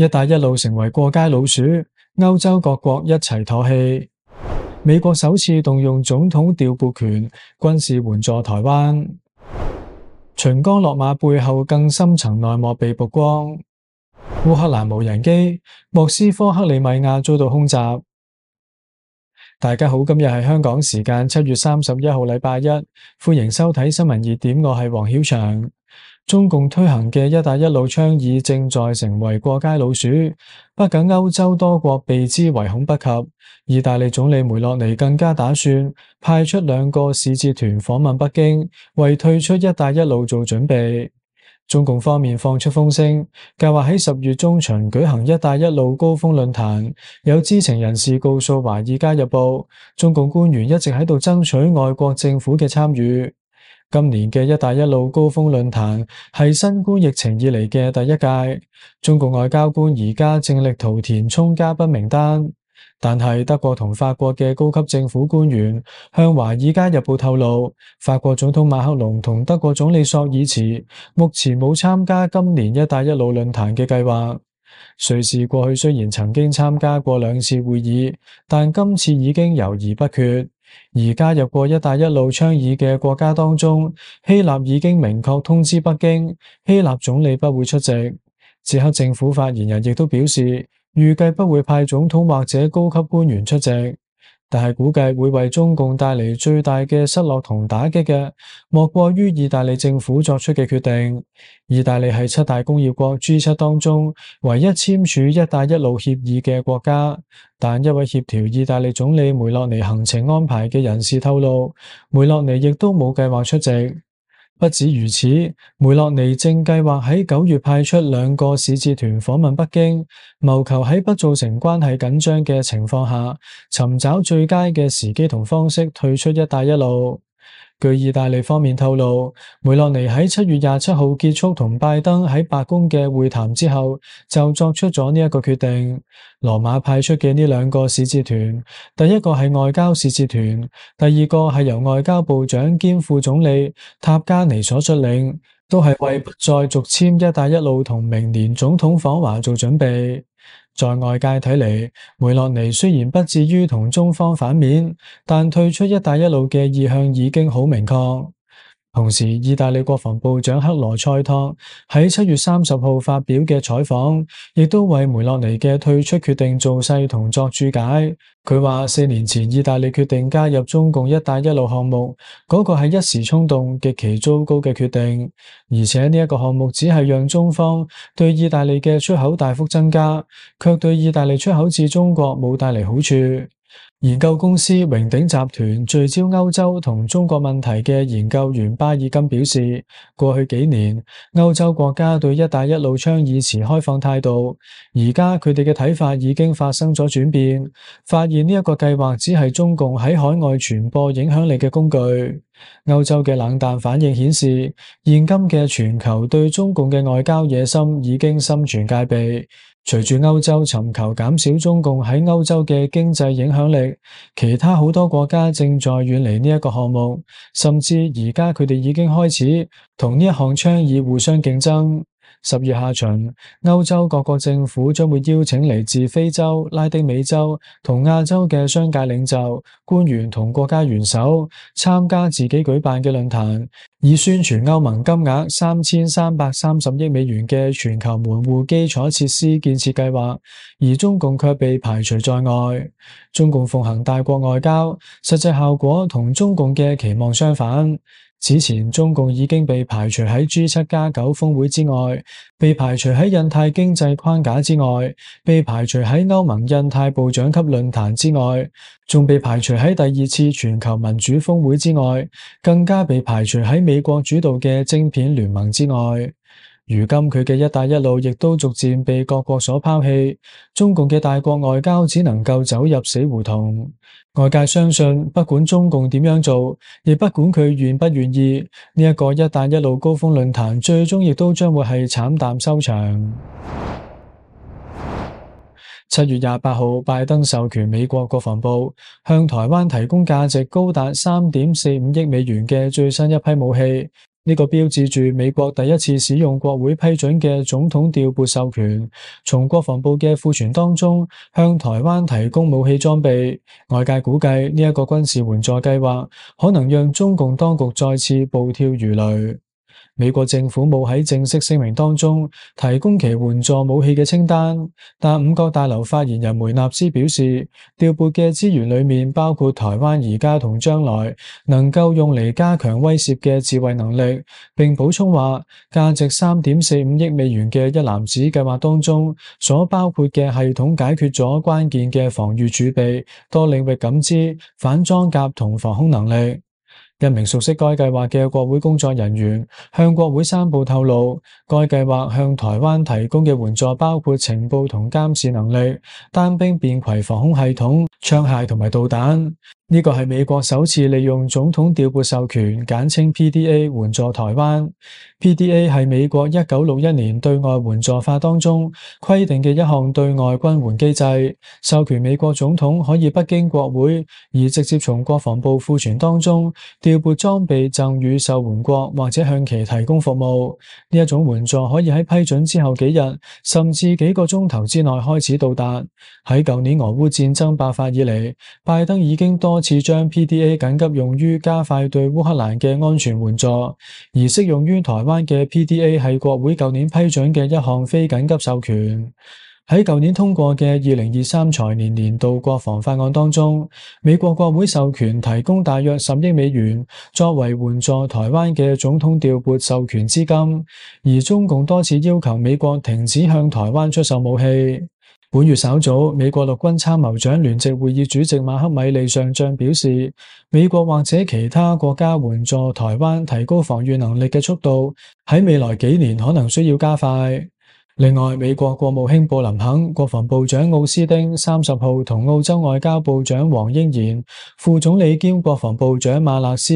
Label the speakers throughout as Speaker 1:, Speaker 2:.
Speaker 1: 一帶一路成為過街老鼠，歐洲各國一齊唾棄。美國首次動用總統調撥權，軍事援助台灣。秦剛落馬背後更深層內幕被曝光。烏克蘭無人機，莫斯科克里米亞遭到空襲。大家好，今日係香港時間七月三十一號禮拜一，歡迎收睇新聞熱點，我係黃曉翔。中共推行嘅“一帶一路”倡議正在成為過街老鼠，不僅歐洲多國避之唯恐不及。意大利總理梅洛尼更加打算派出兩個使節團訪問北京，為退出“一帶一路”做準備。中共方面放出風聲，計劃喺十月中旬舉行“一帶一路”高峰論壇。有知情人士告訴《華爾街日報》，中共官員一直喺度爭取外國政府嘅參與。今年嘅一帶一路高峰論壇係新冠疫情以嚟嘅第一屆，中國外交官而家正力圖填充嘉賓名單。但係德國同法國嘅高級政府官員向華爾街日報透露，法國總統馬克龍同德國總理朔爾茨目前冇參加今年一帶一路論壇嘅計劃。瑞士過去雖然曾經參加過兩次會議，但今次已經猶豫不決。而加入過一帶一路倡議嘅國家當中，希臘已經明確通知北京，希臘總理不會出席。捷克政府發言人亦都表示，預計不會派總統或者高級官員出席。但係估計會為中共帶來最大嘅失落同打擊嘅，莫過於意大利政府作出嘅決定。意大利係七大工業國 G 七當中唯一簽署“一帶一路”協議嘅國家，但一位協調意大利總理梅洛尼行程安排嘅人士透露，梅洛尼亦都冇計劃出席。不止如此，梅洛尼正計劃喺九月派出兩個使節團訪問北京，謀求喺不造成關係緊張嘅情況下，尋找最佳嘅時機同方式退出一帶一路。據意大利方面透露，梅洛尼喺七月廿七號結束同拜登喺白宮嘅會談之後，就作出咗呢一個決定。羅馬派出嘅呢兩個使節團，第一個係外交使節團，第二個係由外交部長兼副總理塔加尼所率領，都係為再續簽一帶一路同明年總統訪華做準備。在外界睇嚟，梅洛尼雖然不至於同中方反面，但退出一帶一路嘅意向已經好明確。同時，意大利國防部長克羅塞托喺七月三十號發表嘅採訪，亦都為梅洛尼嘅退出決定做勢同作注解。佢話四年前意大利決定加入中共一帶一路項目，嗰、那個係一時衝動、極其糟糕嘅決定。而且呢一個項目只係讓中方對意大利嘅出口大幅增加，卻對意大利出口至中國冇帶嚟好處。研究公司榮鼎集團聚焦歐洲同中國問題嘅研究員巴爾金表示：過去幾年，歐洲國家對“一帶一路”倡議持開放態度，而家佢哋嘅睇法已經發生咗轉變，發現呢一個計劃只係中共喺海外傳播影響力嘅工具。歐洲嘅冷淡反應顯示，現今嘅全球對中共嘅外交野心已經心存戒備。隨住歐洲尋求減少中共喺歐洲嘅經濟影響力，其他好多國家正在遠離呢一個項目，甚至而家佢哋已經開始同呢一項倡議互相競爭。十月下旬，歐洲各國政府將會邀請嚟自非洲、拉丁美洲同亞洲嘅商界領袖、官員同國家元首參加自己舉辦嘅論壇，以宣傳歐盟金額三千三百三十億美元嘅全球門戶基礎設施建設計劃，而中共卻被排除在外。中共奉行大國外交，實際效果同中共嘅期望相反。此前，中共已經被排除喺 G 七加九峰會之外，被排除喺印太經濟框架之外，被排除喺歐盟印太部長級論壇之外，仲被排除喺第二次全球民主峰會之外，更加被排除喺美國主導嘅晶片聯盟之外。如今佢嘅一帶一路亦都逐漸被各國所拋棄，中共嘅大國外交只能夠走入死胡同。外界相信，不管中共點樣做，亦不管佢願不願意，呢、這、一個一帶一路高峰論壇最終亦都將會係慘淡收場。七月廿八號，拜登授權美國國防部向台灣提供價值高達三點四五億美元嘅最新一批武器。呢個標誌住美國第一次使用國會批准嘅總統調撥授權，從國防部嘅庫存當中向台灣提供武器裝備。外界估計呢一個軍事援助計劃，可能讓中共當局再次暴跳如雷。美國政府冇喺正式聲明當中提供其援助武器嘅清單，但五角大樓發言人梅納斯表示，調撥嘅資源裏面包括台灣而家同將來能夠用嚟加強威懾嘅自衛能力，並補充話，價值三點四五億美元嘅一籃子計劃當中所包括嘅系統解決咗關鍵嘅防禦儲備、多領域感知、反裝甲同防空能力。一名熟悉該計劃嘅國會工作人員向國會山報透露，該計劃向台灣提供嘅援助包括情報同監視能力、單兵便攜防空系統、槍械同埋導彈。呢個係美國首次利用總統調撥授權，簡稱 PDA，援助台灣。PDA 係美國一九六一年對外援助法當中規定嘅一項對外軍援機制，授權美國總統可以不經國會而直接從國防部庫存當中調撥裝備贈予受援國或者向其提供服務。呢一種援助可以喺批准之後幾日甚至幾個鐘頭之內開始到達。喺舊年俄烏戰爭爆發以嚟，拜登已經多。次將 PDA 緊急用於加快對烏克蘭嘅安全援助，而適用於台灣嘅 PDA 係國會舊年批准嘅一項非緊急授權。喺舊年通過嘅二零二三財年年度國防法案當中，美國國會授權提供大約十億美元作為援助台灣嘅總統調撥授權資金，而中共多次要求美國停止向台灣出售武器。本月稍早，美國陸軍參謀長聯席會議主席馬克米利上將表示，美國或者其他國家援助台灣提高防禦能力嘅速度，喺未來幾年可能需要加快。另外，美國國務卿布林肯、國防部長奧斯汀三十號同澳洲外交部長黃英賢、副總理兼國防部長馬勒斯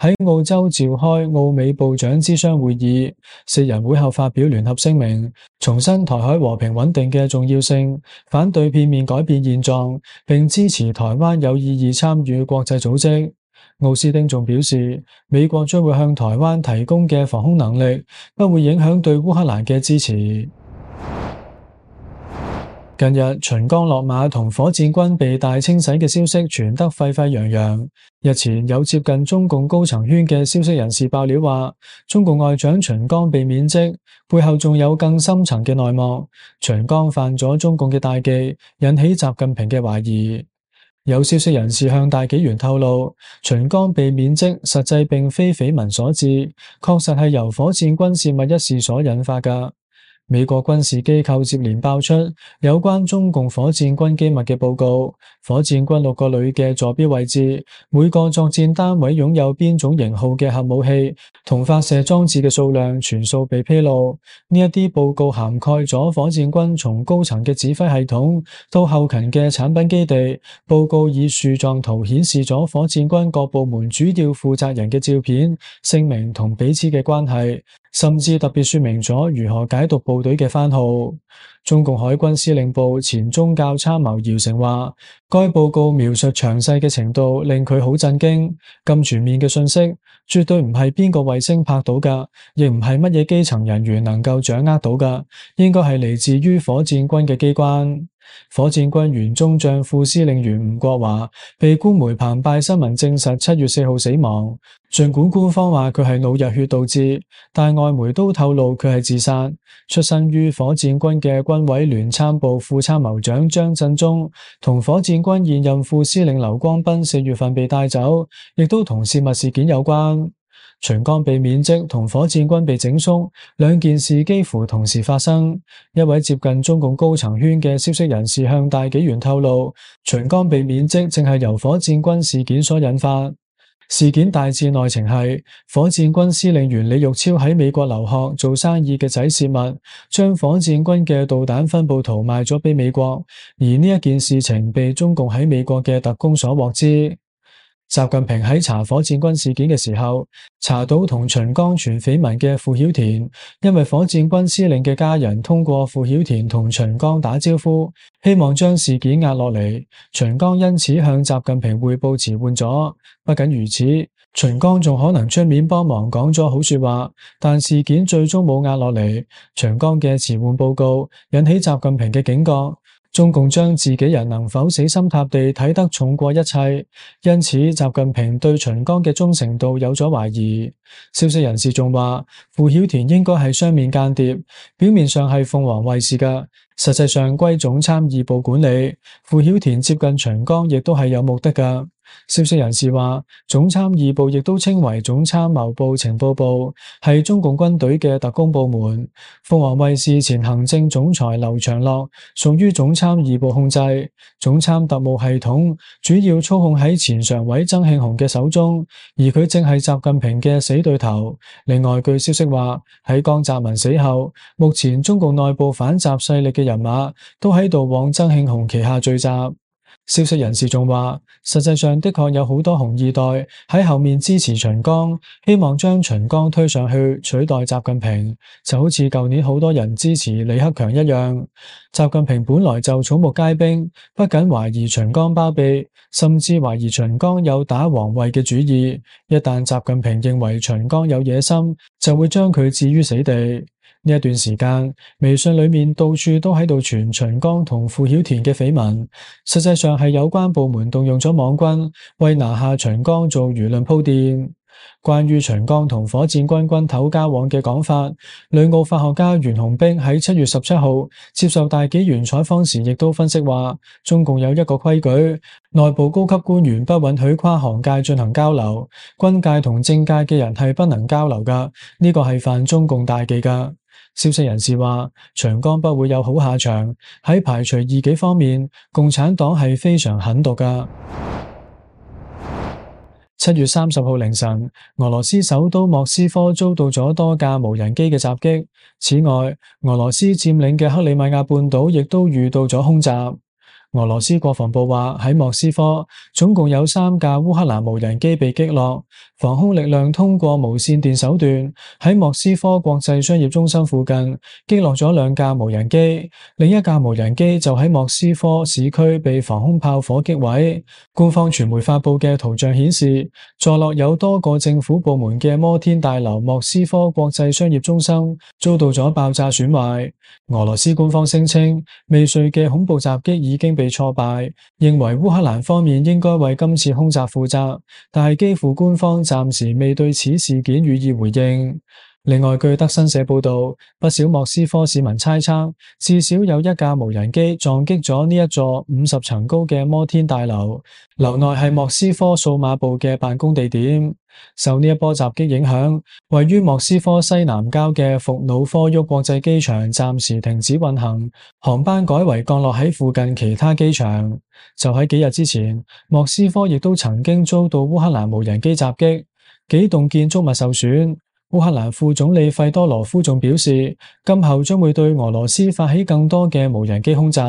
Speaker 1: 喺澳洲召開澳美部長磋商會議，四人會後發表聯合聲明，重申台海和平穩定嘅重要性，反對片面改變現狀，並支持台灣有意義參與國際組織。奧斯汀仲表示，美國將會向台灣提供嘅防空能力不會影響對烏克蘭嘅支持。近日，秦剛落馬同火箭軍被大清洗嘅消息傳得沸沸揚揚。日前有接近中共高層圈嘅消息人士爆料話，中共外長秦剛被免職，背後仲有更深層嘅內幕。秦剛犯咗中共嘅大忌，引起習近平嘅懷疑。有消息人士向大紀元透露，秦剛被免職實際並非緋聞所致，確實係由火箭軍洩密一事所引發噶。美國軍事機構接連爆出有關中共火箭軍機密嘅報告，火箭軍六個旅嘅坐標位置、每個作戰單位擁有邊種型號嘅核武器同發射裝置嘅數量全數被披露。呢一啲報告涵蓋咗火箭軍從高層嘅指揮系統到後勤嘅產品基地。報告以樹狀圖顯示咗火箭軍各部門主要負責人嘅照片、姓名同彼此嘅關係。甚至特別說明咗如何解讀部隊嘅番號。中共海軍司令部前宗教參謀姚成話，該報告描述詳細嘅程度令佢好震驚，咁全面嘅信息絕對唔係邊個衛星拍到噶，亦唔係乜嘢基層人員能夠掌握到噶，應該係嚟自於火箭軍嘅機關。火箭軍原中將副司令員吳國華被官媒澎湃新聞證實七月四號死亡，儘管官方話佢係腦溢血導致，但外媒都透露佢係自殺。出身於火箭軍嘅軍委聯參部副參謀長張振中同火箭軍現任副司令劉光斌四月份被帶走，亦都同泄密事件有關。秦剛被免職同火箭軍被整肅，兩件事幾乎同時發生。一位接近中共高層圈嘅消息人士向大紀元透露，秦剛被免職正係由火箭軍事件所引發。事件大致內情係火箭軍司令員李玉超喺美國留學做生意嘅仔事物，將火箭軍嘅導彈分布圖賣咗畀美國，而呢一件事情被中共喺美國嘅特工所獲知。習近平喺查火箭軍事件嘅時候，查到同秦剛傳緋聞嘅傅曉田，因為火箭軍司令嘅家人通過傅曉田同秦剛打招呼，希望將事件壓落嚟，秦剛因此向習近平匯報遲緩咗。不僅如此，秦剛仲可能出面幫忙講咗好說話，但事件最終冇壓落嚟，秦剛嘅遲緩報告引起習近平嘅警覺。中共將自己人能否死心塌地睇得重過一切，因此習近平對秦剛嘅忠誠度有咗懷疑。消息人士仲話，傅曉田應該係雙面間諜，表面上係鳳凰衛視㗎，實際上歸總參二部管理。傅曉田接近秦剛亦都係有目的㗎。消息人士話，總參二部亦都稱為總參謀部情報部，係中共軍隊嘅特工部門。鳳凰衛視前行政總裁劉長樂屬於總參二部控制。總參特務系統主要操控喺前常委曾慶紅嘅手中，而佢正係習近平嘅死對頭。另外，據消息話，喺江澤民死後，目前中共內部反習勢力嘅人馬都喺度往曾慶紅旗下聚集。消息人士仲話，實際上的確有好多紅二代喺後面支持秦剛，希望將秦剛推上去取代習近平，就好似舊年好多人支持李克強一樣。習近平本來就草木皆兵，不僅懷疑秦剛包庇，甚至懷疑秦剛有打皇位嘅主意。一旦習近平認為秦剛有野心，就會將佢置於死地。呢一段時間，微信裏面到處都喺度傳秦剛同傅曉田嘅緋聞，實際上係有關部門動用咗網軍，為拿下秦剛做輿論鋪墊。關於秦剛同火箭軍軍頭交往嘅講法，旅澳法學家袁紅冰喺七月十七號接受大紀元採訪時，亦都分析話，中共有一個規矩，內部高級官員不允許跨行界進行交流，軍界同政界嘅人係不能交流噶，呢、呢個係犯中共大忌噶。消息人士話，長江不會有好下場。喺排除異己方面，共產黨係非常狠毒㗎。七月三十號凌晨，俄羅斯首都莫斯科遭到咗多架無人機嘅襲擊。此外，俄羅斯佔領嘅克里米亞半島亦都遇到咗空襲。俄羅斯國防部話，喺莫斯科總共有三架烏克蘭無人機被擊落，防空力量通過無線電手段喺莫斯科國際商業中心附近擊落咗兩架無人機，另一架無人機就喺莫斯科市區被防空炮火擊毀。官方傳媒發布嘅圖像顯示，坐落有多個政府部門嘅摩天大樓莫斯科國際商業中心遭到咗爆炸損壞。俄羅斯官方聲稱，未遂嘅恐怖襲擊已經被挫敗，認為烏克蘭方面應該為今次空襲負責，但係基輔官方暫時未對此事件予以回應。另外，據德新社報道，不少莫斯科市民猜測，至少有一架無人機撞擊咗呢一座五十層高嘅摩天大樓，樓內係莫斯科數碼部嘅辦公地點。受呢一波襲擊影響，位於莫斯科西南郊嘅伏努科沃國際機場暫時停止運行，航班改為降落喺附近其他機場。就喺幾日之前，莫斯科亦都曾經遭到烏克蘭無人機襲擊，幾棟建築物受損。烏克蘭副總理費多羅夫仲表示，今後將會對俄羅斯發起更多嘅無人機空襲，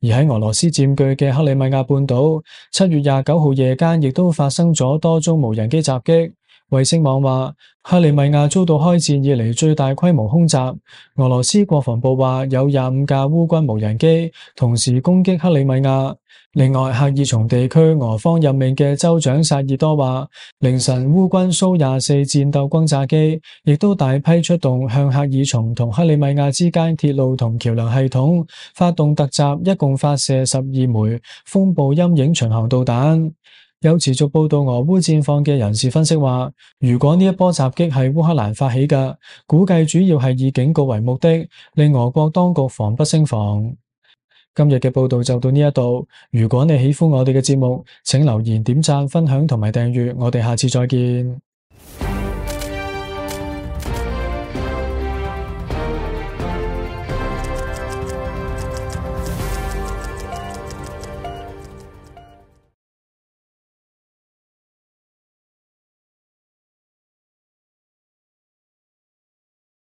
Speaker 1: 而喺俄羅斯佔據嘅克里米亞半島，七月廿九號夜間亦都發生咗多宗無人機襲擊。衛星網話，克里米亞遭到開戰以嚟最大規模空襲。俄羅斯國防部話有廿五架烏軍無人機同時攻擊克里米亞。另外，克爾松地區俄方任命嘅州長薩爾多話，凌晨烏軍蘇廿四戰鬥轟炸機亦都大批出動，向克爾松同克里米亞之間鐵路同橋樑系統發動突襲，一共發射十二枚風暴陰影巡航導彈。有持續報道俄烏戰況嘅人士分析話，如果呢一波襲擊係烏克蘭發起嘅，估計主要係以警告為目的，令俄國當局防不勝防。今日嘅報道就到呢一度。如果你喜歡我哋嘅節目，請留言、點讚、分享同埋訂閱。我哋下次再見。